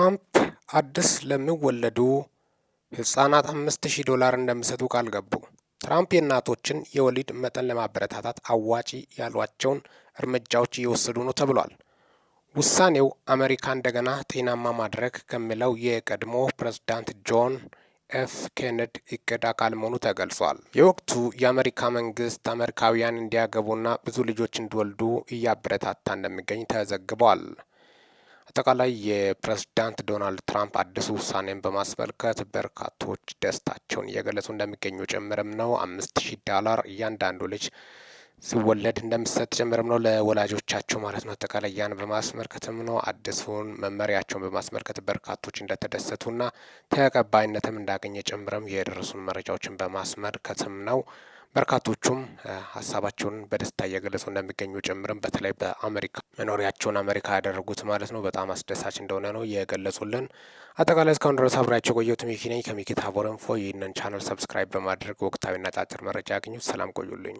ትራምፕ አዲስ ለሚወለዱ ህጻናት አምስት ሺህ ዶላር እንደሚሰጡ ቃል ገቡ። ትራምፕ የእናቶችን የወሊድ መጠን ለማበረታታት አዋጪ ያሏቸውን እርምጃዎች እየወሰዱ ነው ተብሏል። ውሳኔው አሜሪካ እንደገና ጤናማ ማድረግ ከሚለው የቀድሞ ፕሬዝዳንት ጆን ኤፍ ኬነድ እቅድ አካል መሆኑ ተገልጿል። የወቅቱ የአሜሪካ መንግስት አሜሪካውያን እንዲያገቡና ብዙ ልጆች እንዲወልዱ እያበረታታ እንደሚገኝ ተዘግቧል። አጠቃላይ የፕሬዝዳንት ዶናልድ ትራምፕ አዲሱ ውሳኔን በማስመልከት በርካቶች ደስታቸውን እየገለጹ እንደሚገኙ ጭምርም ነው። አምስት ሺህ ዳላር እያንዳንዱ ልጅ ሲወለድ እንደሚሰጥ ጭምርም ነው ለወላጆቻቸው ማለት ነው። አጠቃላይ ያን በማስመልከትም ነው አዲሱን መመሪያቸውን በማስመልከት በርካቶች እንደተደሰቱና ተቀባይነትም እንዳገኘ ጭምርም የደረሱን መረጃዎችን በማስመልከትም ነው። በርካቶቹም ሀሳባቸውን በደስታ እየገለጹ እንደሚገኙ ጭምርም በተለይ በአሜሪካ መኖሪያቸውን አሜሪካ ያደረጉት ማለት ነው በጣም አስደሳች እንደሆነ ነው የገለጹልን። አጠቃላይ እስካሁን ድረስ አብሬያቸው ቆየሁት። ሚኪ ነኝ ከሚኪታ ቦረንፎ። ይህንን ቻናል ሰብስክራይብ በማድረግ ወቅታዊና አጫጭር መረጃ ያገኙት። ሰላም ቆዩልኝ።